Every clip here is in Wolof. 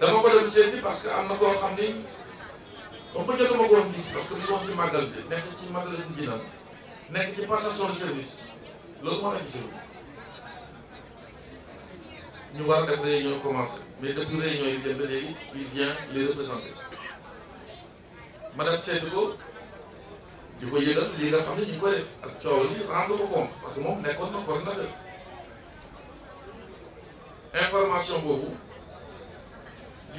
dama ko dem seeti parce que am na koo xam ni moom ko jotuma ko woon gis parce que mu ngi woon ci màggal bi nekk ci masala bu jinam nekk ci passation de service loolu moo tax gisul ñu war def réunion commencé mais depuis réunion yi dem ba léegi il vient les représenter ma dem seeti ko di ko yëgal li nga xam ne ñu ngi koy def ak coow li rendre ko compte parce que moom nekkoon na coordinateur information boobu.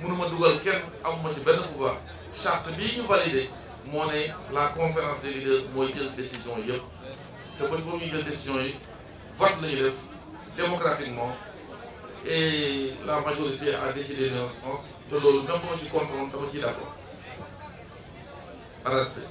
Nous dugal kenn amuma ci le pouvoir charte bii ñu valide, c'est la conférence des leaders mooy jël décision yëpp te bés ba muy jël décision yi vote les élèves démocratiquement et la majorité a décidé dans ce sens te loolu même moo ci contre dama d'accord par respect